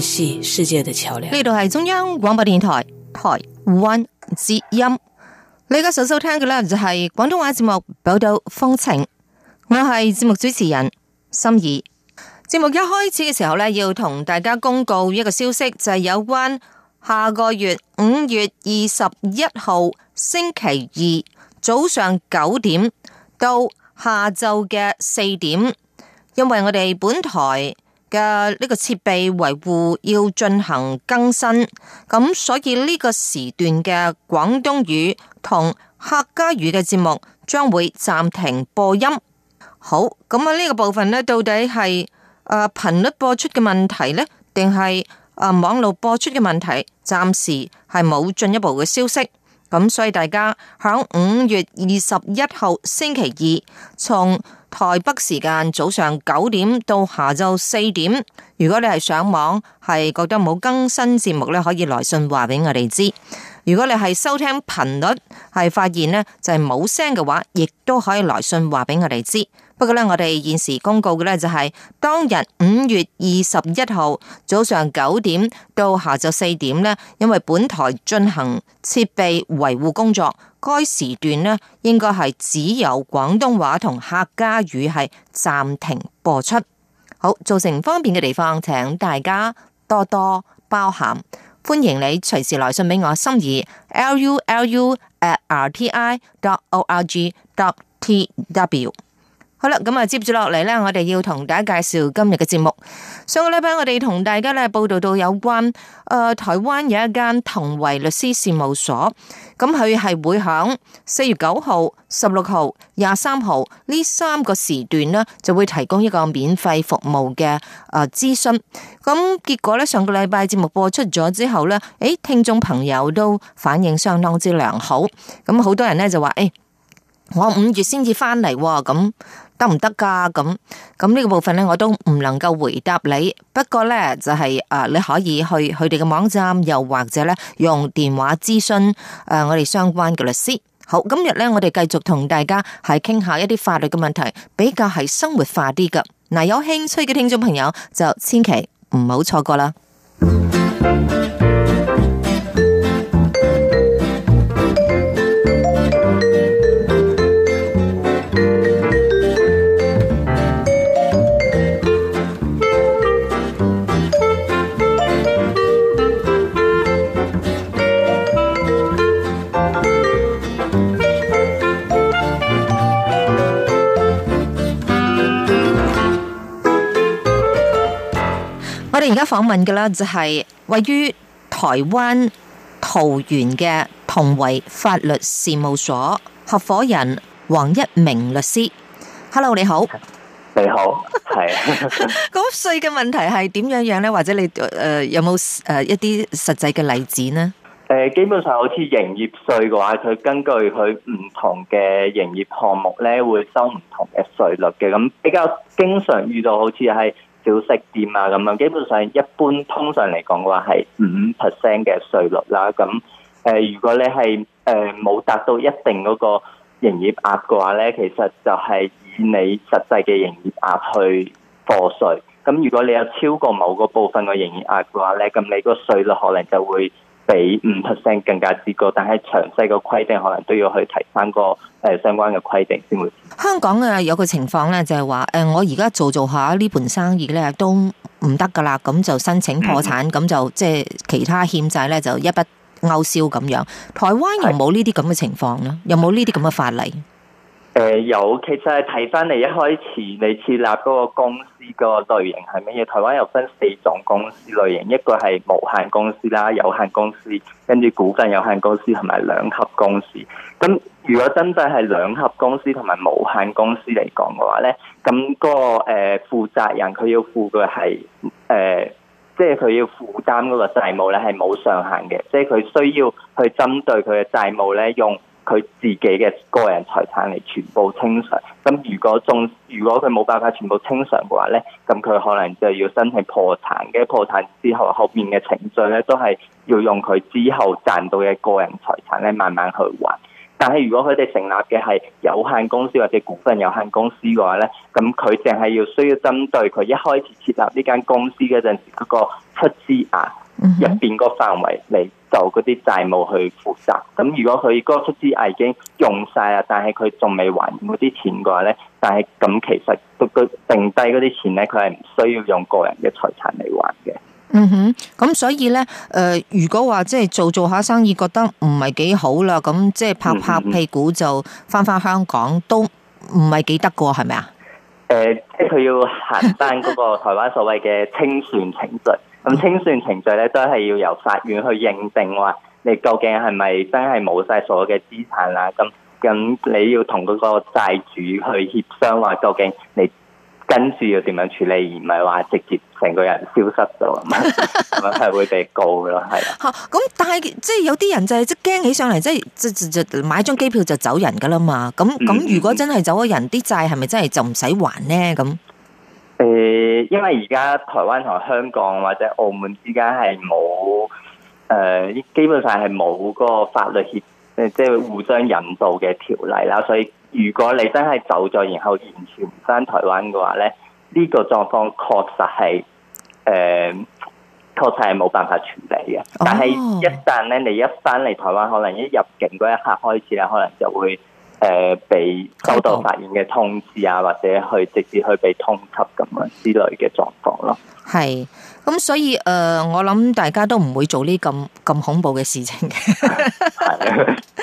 係世界的橋樑。呢度係中央廣播電台台灣之音。你家首收聽嘅呢，就係廣東話節目《寶島風情》。我係節目主持人心怡。節目一開始嘅時候呢，要同大家公告一個消息，就係有關下個月五月二十一號星期二早上九點到下晝嘅四點，因為我哋本台。嘅呢個設備維護要進行更新，咁所以呢個時段嘅廣東語同客家語嘅節目將會暫停播音。好，咁啊呢個部分呢，到底係誒頻率播出嘅問題呢？定係誒網絡播出嘅問題？暫時係冇進一步嘅消息，咁所以大家喺五月二十一號星期二從，從台北時間早上九點到下晝四點，如果你係上網係覺得冇更新節目咧，可以來信話畀我哋知；如果你係收聽頻率係發現咧就係冇聲嘅話，亦都可以來信話畀我哋知。不過咧，我哋現時公告嘅咧就係當日五月二十一號早上九點到下晝四點咧，因為本台進行設備維護工作，該時段咧應該係只有廣東話同客家語係暫停播出，好造成方便嘅地方，請大家多多包涵。歡迎你隨時來信俾我，心意 l u l u at r t i dot o r g dot t w。好啦，咁啊，接住落嚟咧，我哋要同大家介紹今日嘅節目。上個禮拜我哋同大家咧報道到有關誒、呃、台灣有一間同維律師事務所，咁佢係會響四月九號、十六號、廿三號呢三個時段呢，就會提供一個免費服務嘅誒諮詢。咁、嗯、結果呢，上個禮拜節目播出咗之後呢，誒聽眾朋友都反應相當之良好。咁、嗯、好多人呢，就話誒，我五月先至翻嚟，咁、哦。得唔得噶？咁咁呢個部分呢，我都唔能夠回答你。不過呢，就係、是、誒、呃，你可以去佢哋嘅網站，又或者呢，用電話諮詢誒、呃，我哋相關嘅律師。好，今日呢，我哋繼續同大家係傾下一啲法律嘅問題，比較係生活化啲噶。嗱、呃，有興趣嘅聽眾朋友就千祈唔好錯過啦。 而家訪問嘅啦，就係位於台灣桃園嘅同維法律事務所合伙人黃一鳴律師。Hello，你好，你好，係啊。咁稅嘅問題係點樣樣呢？或者你誒有冇誒一啲實際嘅例子呢？基本上好似營業稅嘅話，佢根據佢唔同嘅營業項目咧，會收唔同嘅稅率嘅。咁比較經常遇到好似係。小食店啊，咁樣基本上一般通常嚟講嘅話係五 percent 嘅稅率啦。咁誒、呃，如果你係誒冇達到一定嗰個營業額嘅話咧，其實就係以你實際嘅營業額去課稅。咁如果你有超過某個部分嘅營業額嘅話咧，咁你個稅率可能就會。比五 percent 更加之高，但係詳細個規定可能都要去睇翻個誒相關嘅規定先會。香港啊有個情況咧，就係話誒我而家做做下呢盤生意咧都唔得噶啦，咁就申請破產，咁、嗯、就即係其他欠債咧就一筆勾銷咁樣。台灣有冇呢啲咁嘅情況啦，是有冇呢啲咁嘅法例？誒、呃、有，其實睇翻嚟一開始你設立嗰個公呢個類型係乜嘢？台灣有分四種公司類型，一個係無限公司啦，有限公司，跟住股份有限公司同埋兩合公司。咁如果真係係兩合公司同埋無限公司嚟講嘅話呢咁個誒呃、負責人佢要負嘅係誒，即係佢要負擔嗰個債務咧係冇上限嘅，即係佢需要去針對佢嘅債務呢用，佢自己嘅個人財產嚟全部清償，咁如果仲如果佢冇辦法全部清償嘅話呢，咁佢可能就要申請破產嘅。破產之後後面嘅程序呢，都係要用佢之後賺到嘅個人財產呢，慢慢去還。但係如果佢哋成立嘅係有限公司或者股份有限公司嘅話呢，咁佢淨係要需要針對佢一開始設立呢間公司嗰陣時嗰個出資額。入邊個範圍嚟就嗰啲債務去負責，咁如果佢嗰出資已經用晒啦，但係佢仲未還嗰啲錢嘅話咧，但係咁其實佢個剩低嗰啲錢咧，佢係唔需要用個人嘅財產嚟還嘅。嗯哼，咁所以咧，誒、呃，如果話即係做做下生意，覺得唔係幾好啦，咁即係拍拍屁股就翻翻香港，嗯、哼都唔係幾得嘅，係咪啊？誒、呃，即係佢要行翻嗰個台灣所謂嘅清算程序。 咁清算程序咧，都係要由法院去認定話，你究竟係咪真係冇晒所有嘅資產啦？咁咁你要同嗰個債主去協商話，究竟你跟住要點樣處理，而唔係話直接成個人消失咗，係咪係會被告噶咯？係啦。吓、 嗯，咁但係即係有啲人就係即驚起上嚟，即係即買張機票就走人噶啦嘛？咁咁如果真係走人，啲債係咪真係就唔使還呢？咁？誒，因為而家台灣同香港或者澳門之間係冇誒，基本上係冇嗰個法律協，誒、呃、即係互相引渡嘅條例啦。所以如果你真係走咗，然後完全唔翻台灣嘅話咧，呢、這個狀況確實係誒，確、呃、實係冇辦法處理嘅。但係一旦咧，你一翻嚟台灣，可能一入境嗰一刻開始咧，可能就會。誒、呃、被收到法院嘅通知啊，或者去直接去被通緝咁樣之類嘅狀況咯、啊，係。咁所以誒、呃，我諗大家都唔會做呢咁咁恐怖嘅事情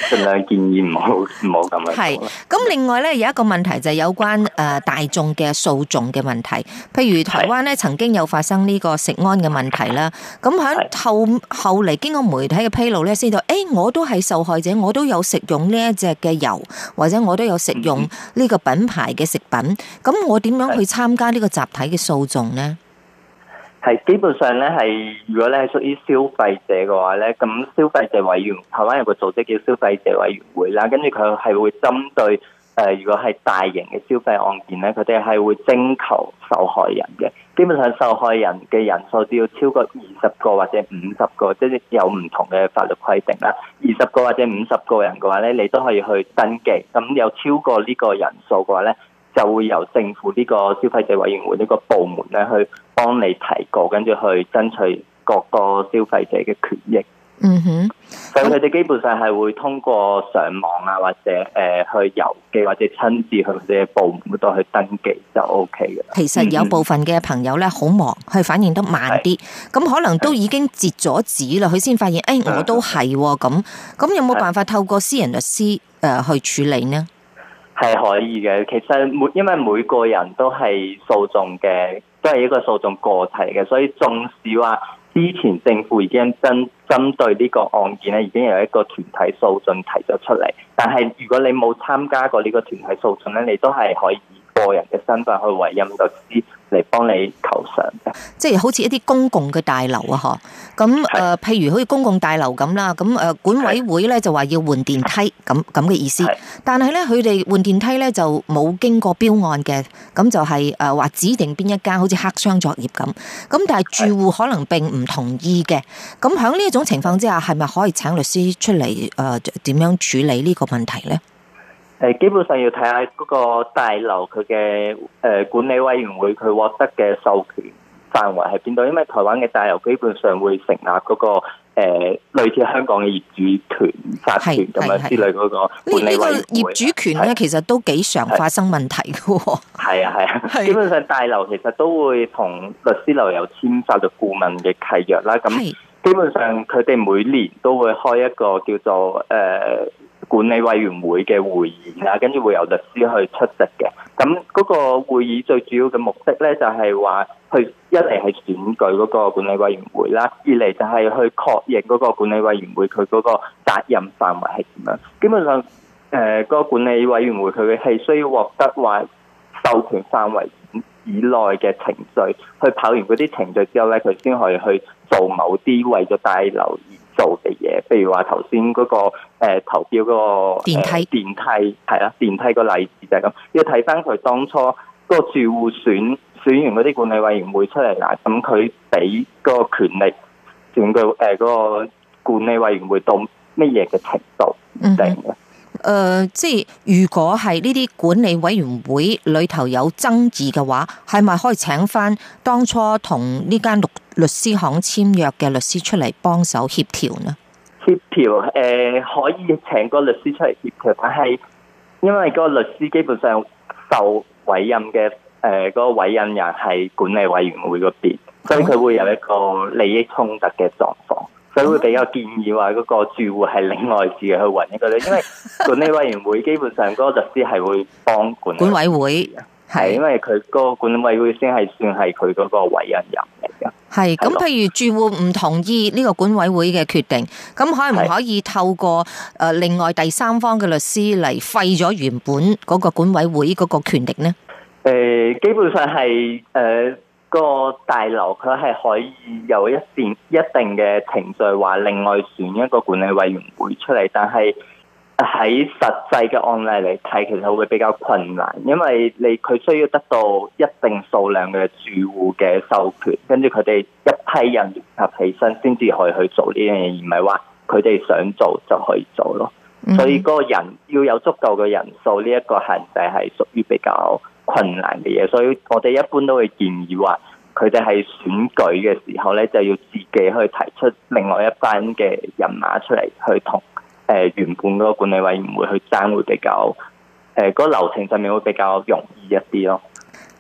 盡 量建議唔好唔好咁樣。係咁，另外咧有一個問題就係有關誒大眾嘅訴訟嘅問題。譬如台灣咧曾經有發生呢個食安嘅問題啦。咁響是後後嚟，經過媒體嘅披露咧，先知道誒，我都係受害者，我都有食用呢一隻嘅油，或者我都有食用呢個品牌嘅食品。咁、嗯嗯、我點樣去參加呢個集體嘅訴訟呢？係基本上咧，係如果咧係屬於消費者嘅話咧，咁消費者委員，台灣有個組織叫消費者委員會啦，跟住佢係會針對誒、呃，如果係大型嘅消費案件咧，佢哋係會徵求受害人嘅。基本上受害人嘅人數都要超過二十個或者五十個，即係有唔同嘅法律規定啦。二十個或者五十個人嘅話咧，你都可以去登記。咁有超過呢個人數嘅話咧，就會由政府呢個消費者委員會呢個部門咧去幫你提告，跟住去爭取各個消費者嘅權益。嗯哼，咁佢哋基本上係會通過上網啊，或者誒去郵寄，或者親自去佢哋嘅部門嗰度去登記就 O K 嘅。其實有部分嘅朋友咧好忙，佢反應得慢啲，咁可能都已經截咗紙啦，佢先發現，誒、哎，我都係、哦，咁咁是有冇辦法透過私人律師誒去處理呢？係可以嘅，其實每因為每個人都係訴訟嘅，都係一個訴訟個體嘅，所以縱使話之前政府已經針針對呢個案件咧，已經有一個團體訴訟提咗出嚟，但係如果你冇參加過呢個團體訴訟咧，你都係可以。個人嘅身份去委任律師嚟幫你求償，即係好似一啲公共嘅大樓啊，嗬。咁誒，譬如好似公共大樓咁啦，咁誒、呃，管委會咧就話要換電梯，咁咁嘅意思。但係咧，佢哋換電梯咧就冇經過標案嘅，咁就係誒話指定邊一間，好似黑箱作業咁。咁但係住戶可能並唔同意嘅。咁喺呢一種情況之下，係咪可以請律師出嚟誒，點、呃、樣處理呢個問題咧？誒，基本上要睇下嗰個大樓佢嘅誒管理委員會佢獲得嘅授權範圍係邊度？因為台灣嘅大樓基本上會成立嗰個誒類似香港嘅業主權法團咁樣之類嗰個管理委員會業主權咧，其實都幾常發生問題嘅。係啊係啊，基本上大樓其實都會同律師樓有簽法律顧問嘅契約啦。咁基本上佢哋每年都會開一個叫做誒、呃管理委員會嘅會議啦，跟住會由律師去出席嘅。咁嗰個會議最主要嘅目的咧，就係話去一嚟係選舉嗰個管理委員會啦，二嚟就係去確認嗰個管理委員會佢嗰個責任範圍係點樣。基本上，誒、呃嗰個管理委員會佢係需要獲得話授權範圍以內嘅程序，去跑完嗰啲程序之後咧，佢先可以去做某啲為咗帶留意。做嘅嘢，譬如話頭先嗰個誒投標嗰個電梯電梯係啦，電梯個例子就係咁，要睇翻佢當初個住戶選選完嗰啲管理委員會出嚟啦，咁佢俾個權力整個誒個管理委員會到咩嘢嘅程度定嘅誒、嗯呃，即係如果係呢啲管理委員會裏頭有爭議嘅話，係咪可以請翻當初同呢間綠？律師行簽約嘅律師出嚟幫手協調呢？協調誒，可以請個律師出嚟協調，但係因為個律師基本上受委任嘅誒，呃嗰個委任人係管理委員會嗰邊，所以佢會有一個利益衝突嘅狀況，所以會比較建議話嗰個住戶係另外自己去揾一個咧，因為管理委員會基本上嗰個律師係會幫管理委員會 管委會。係，是因為佢個管委會先係算係佢嗰個委任人嚟噶。係是，咁的譬如住戶唔同意呢個管委會嘅決定，咁可唔可以透過誒另外第三方嘅律師嚟廢咗原本嗰個管委會嗰個權力呢？誒、呃，基本上係誒、呃那個大樓佢係可以有一線一定嘅程序，話另外選一個管理委員會出嚟，但係，喺實際嘅案例嚟睇，其實會比較困難，因為你佢需要得到一定數量嘅住戶嘅授權，跟住佢哋一批人聯合起身，先至可以去做呢樣嘢，而唔係話佢哋想做就可以做咯。Mm hmm. 所以嗰個人要有足夠嘅人數，呢一個限制係屬於比較困難嘅嘢。所以我哋一般都會建議話，佢哋喺選舉嘅時候咧，就要自己去提出另外一班嘅人馬出嚟去同。誒、呃，原本嗰個管理委員會去爭，會比較，誒、呃，嗰個流程上面會比較容易一啲咯。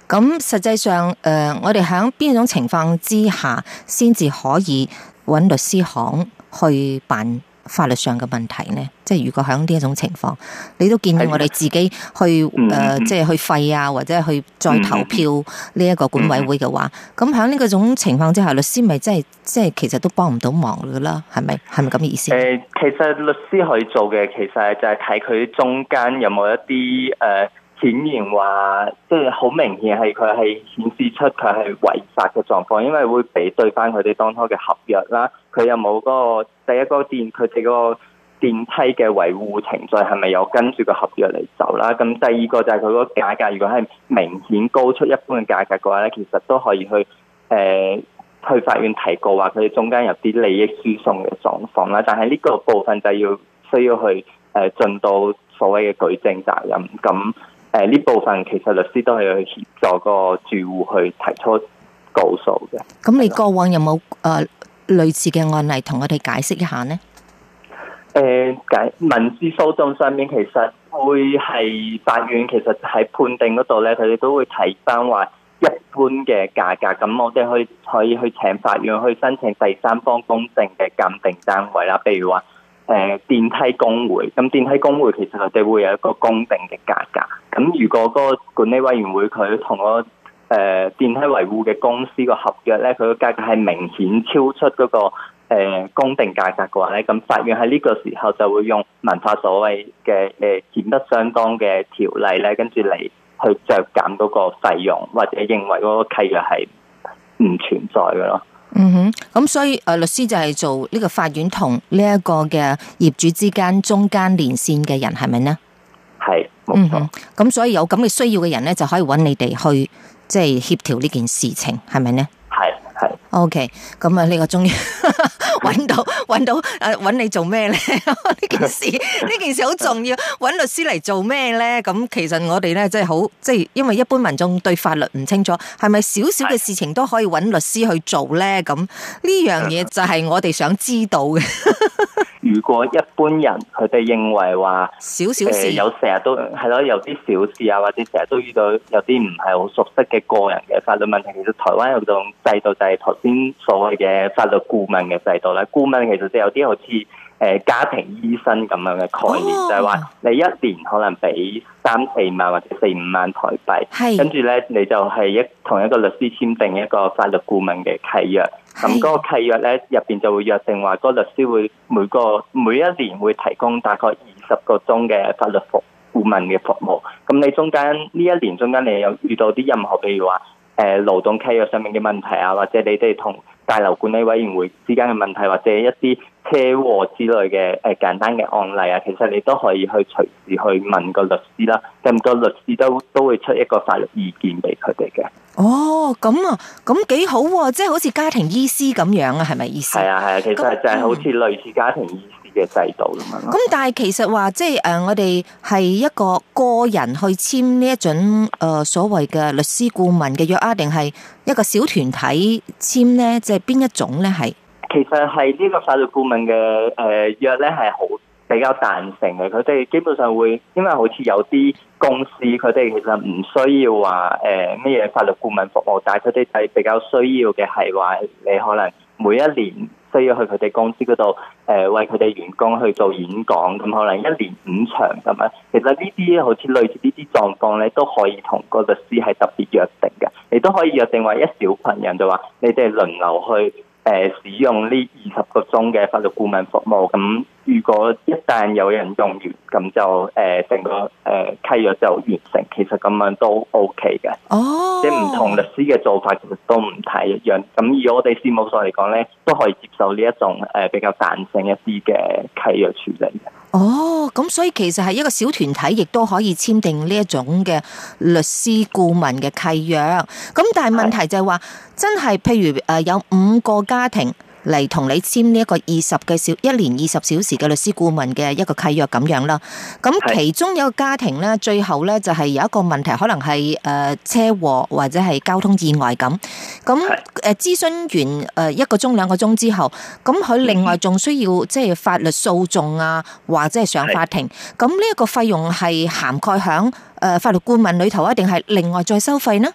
咁、嗯、實際上，誒、呃，我哋喺邊種情況之下，先至可以揾律師行去辦。法律上嘅問題呢，即係如果響呢一種情況，你都建議我哋自己去誒、嗯嗯呃，即係去廢啊，或者去再投票呢一個管委會嘅話，咁響呢個種情況之下，律師咪即係即係其實都幫唔到忙噶啦，係咪？係咪咁嘅意思？誒，其實律師去做嘅，其實就係睇佢中間有冇一啲誒。呃顯然話，即係好明顯係佢係顯示出佢係違法嘅狀況，因為會比對翻佢哋當初嘅合約啦。佢有冇嗰、那個第一個電佢哋嗰個電梯嘅維護程序係咪有跟住個合約嚟走啦？咁第二個就係佢個價格，如果係明顯高出一般嘅價格嘅話咧，其實都可以去誒、呃、去法院提告話佢哋中間有啲利益輸送嘅狀況啦。但係呢個部分就要需要去誒盡、呃、到所謂嘅舉證責任咁。誒，呢部分其實律師都係去協助個住戶去提出告訴嘅。咁你過往有冇誒類似嘅案例同我哋解釋一下呢？誒、呃，解民事訴訟上面其實會係法院，其實喺判定嗰度咧，佢哋都會睇翻話一般嘅價格。咁我哋去可，可以去請法院去申請第三方公證嘅鑑定單位啦。譬如話。誒電梯工會，咁電梯工會其實佢哋會有一個公定嘅價格。咁如果個管理委員會佢同個誒電梯維護嘅公司個合約咧，佢個價格係明顯超出嗰、那個誒、呃、公定價格嘅話咧，咁法院喺呢個時候就會用民法所謂嘅誒顯不相當嘅條例咧，跟住嚟去酌減嗰個費用，或者認為嗰個契約係唔存在嘅咯。嗯哼，咁所以誒，律師就係做呢個法院同呢一個嘅業主之間中間連線嘅人，係咪呢？係，嗯哼，咁所以有咁嘅需要嘅人呢，就可以揾你哋去即係協調呢件事情，係咪呢？係係，OK，咁啊呢個終於。 揾到揾到，誒揾你做咩咧？呢件事呢件事好重要，揾律師嚟做咩咧？咁其實我哋咧，即係好，即係因為一般民眾對法律唔清楚，係咪少少嘅事情都可以揾律師去做咧？咁呢樣嘢就係我哋想知道嘅。如果一般人佢哋認為話少少事，有成日都係咯，有啲小事啊，或者成日都遇到有啲唔係好熟悉嘅個人嘅法律問題，其實台灣有種制度就係頭先所謂嘅法律顧問嘅制度。法律顧問其實就有啲好似誒家庭醫生咁樣嘅概念，就係話你一年可能俾三四萬或者四五萬台幣，跟住咧你就係一同一個律師簽訂一個法律顧問嘅契約。咁嗰個契約咧入邊就會約定話，嗰個律師會每個每一年會提供大概二十個鐘嘅法律服顧問嘅服務。咁你中間呢一年中間你有遇到啲任何，譬如話誒勞動契約上面嘅問題啊，或者你哋同。大樓管理委員會之間嘅問題，或者一啲車禍之類嘅誒、呃、簡單嘅案例啊，其實你都可以去隨時去問個律師啦，咁個律師都都會出一個法律意見俾佢哋嘅。哦，咁啊，咁幾好，啊，即係好似家庭醫師咁樣啊，係咪意思？係啊，係啊，其實就係好似類似家庭醫師。嘅制度咁樣咯啊！咁但係其實話即係誒，我哋係一個個人去簽呢一種誒所謂嘅律師顧問嘅約啊，定係一個小團體簽呢，即係邊一種咧？係其實係呢個法律顧問嘅誒約咧，係好比較彈性嘅。佢哋基本上會，因為好似有啲公司，佢哋其實唔需要話誒咩嘢法律顧問服務，但係佢哋係比較需要嘅係話，你可能每一年。需要去佢哋公司嗰度，誒、呃，為佢哋員工去做演講，咁可能一年五場咁樣。其實呢啲好似類似呢啲狀況咧，都可以同個律師係特別約定嘅，亦都可以約定為一小群人就話你哋輪流去。誒，使用呢二十個鐘嘅法律顧問服務，咁如果一旦有人用完，咁就誒，成、呃、個誒、呃、契約就完成。其實咁樣都 OK 嘅。哦，oh. 即係唔同律師嘅做法，其實都唔太一樣。咁以我哋事務所嚟講咧，都可以接受呢一種誒、呃、比較彈性一啲嘅契約處理嘅。哦，咁所以其實係一個小團體亦都可以簽訂呢一種嘅律師顧問嘅契約，咁但係問題就係話真係譬如誒有五個家庭。嚟同你簽呢一個二十嘅，小一年二十小時嘅律師顧問嘅一個契約咁樣啦，咁其中有個家庭呢，最後呢就係有一個問題，可能係誒車禍或者係交通意外咁，咁誒諮詢完誒一個鐘兩個鐘之後，咁佢另外仲需要即係法律訴訟啊，或者係上法庭，咁呢一個費用係涵蓋響誒法律顧問裏頭啊，定係另外再收費呢？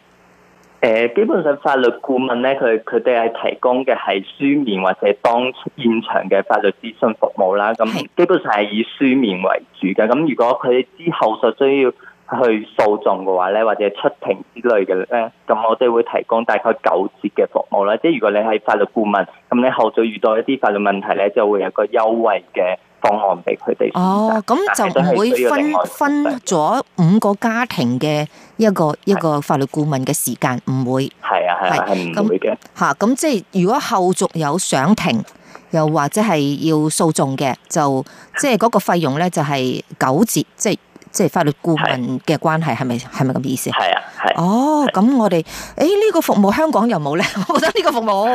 誒基本上法律顧問咧，佢佢哋係提供嘅係書面或者當現場嘅法律諮詢服務啦。咁基本上係以書面為主嘅。咁如果佢哋之後就需要去訴訟嘅話咧，或者出庭之類嘅咧，咁我哋會提供大概九折嘅服務啦。即係如果你係法律顧問，咁你後續遇到一啲法律問題咧，就會有個優惠嘅方案俾佢哋。哦，咁就唔會分分咗五個家庭嘅一個的一個法律顧問嘅時間，唔會。係啊，係啊，係唔會嘅。吓，咁即係如果後續有上庭，又或者係要訴訟嘅，就即係嗰個費用咧，就係九折，即係。即係法律顧問嘅關係，係咪係咪咁意思？係啊，係。哦、oh, 的，咁我哋，誒呢、這個服務香港又有冇咧？我覺得呢個服務好好。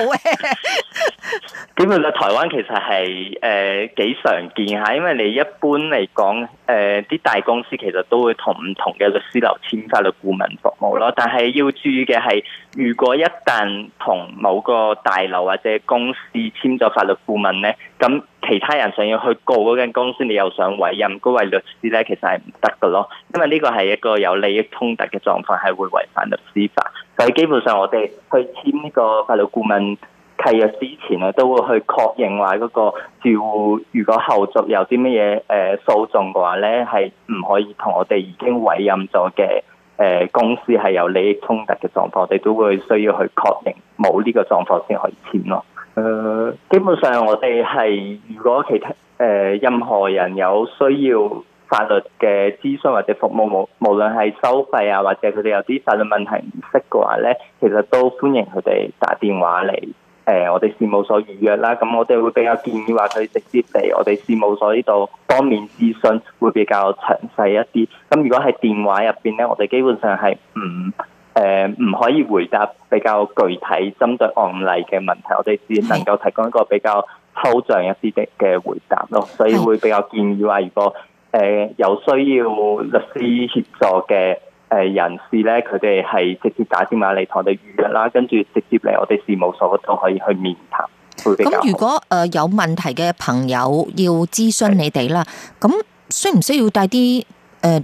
點樣咧？台灣其實係誒、呃、幾常見吓，因為你一般嚟講，誒、呃、啲大公司其實都會同唔同嘅律師樓簽法律顧問服務咯。但係要注意嘅係，如果一旦同某個大樓或者公司簽咗法律顧問呢。咁其他人想要去告嗰間公司，你又想委任嗰位律師呢，其實係唔得噶咯，因為呢個係一個有利益衝突嘅狀況，係會違反律師法。所以基本上我哋去簽呢個法律顧問契約之前啊，都會去確認話嗰、嗰個住戶如果後續有啲乜嘢誒訴訟嘅話呢，係唔可以同我哋已經委任咗嘅誒公司係有利益衝突嘅狀況，我哋都會需要去確認冇呢個狀況先可以簽咯。誒、呃，基本上我哋係如果其他誒、呃、任何人有需要法律嘅諮詢或者服務，無無論係收費啊，或者佢哋有啲法律問題唔識嘅話咧，其實都歡迎佢哋打電話嚟誒、呃，我哋事務所預約啦。咁我哋會比較建議話佢直接嚟我哋事務所呢度當面諮詢，會比較詳細一啲。咁如果喺電話入邊咧，我哋基本上係唔。嗯誒，唔、嗯、可以回答比較具體針對案例嘅問題，我哋只能夠提供一個比較抽象一啲的嘅回答咯。所以會比較建議話，如果誒、呃、有需要律師協助嘅誒人士咧，佢哋係直接打電話嚟同我哋預約啦，跟住直接嚟我哋事務所度可以去面談。咁如果誒有問題嘅朋友要諮詢你哋啦，咁需唔需要帶啲誒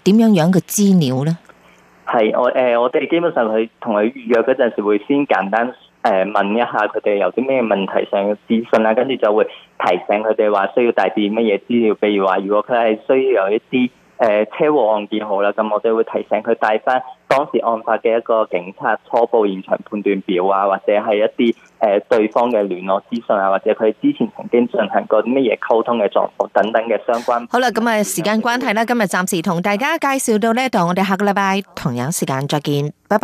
點樣樣嘅資料咧？係我誒，我哋、呃、基本上去同佢預約嗰陣時，會先簡單誒、呃、問一下佢哋有啲咩問題上嘅諮詢啦，跟住就會提醒佢哋話需要帶啲乜嘢資料，譬如話如果佢係需要有一啲。誒，車禍案件好啦，咁我哋會提醒佢帶翻當時案發嘅一個警察初步現場判斷表啊，或者係一啲誒對方嘅聯絡資訊啊，或者佢之前曾經進行過啲乜嘢溝通嘅狀況等等嘅相關。好啦，咁啊時間關係啦，今日暫時同大家介紹到呢度，我哋下個禮拜同樣時間再見，拜拜。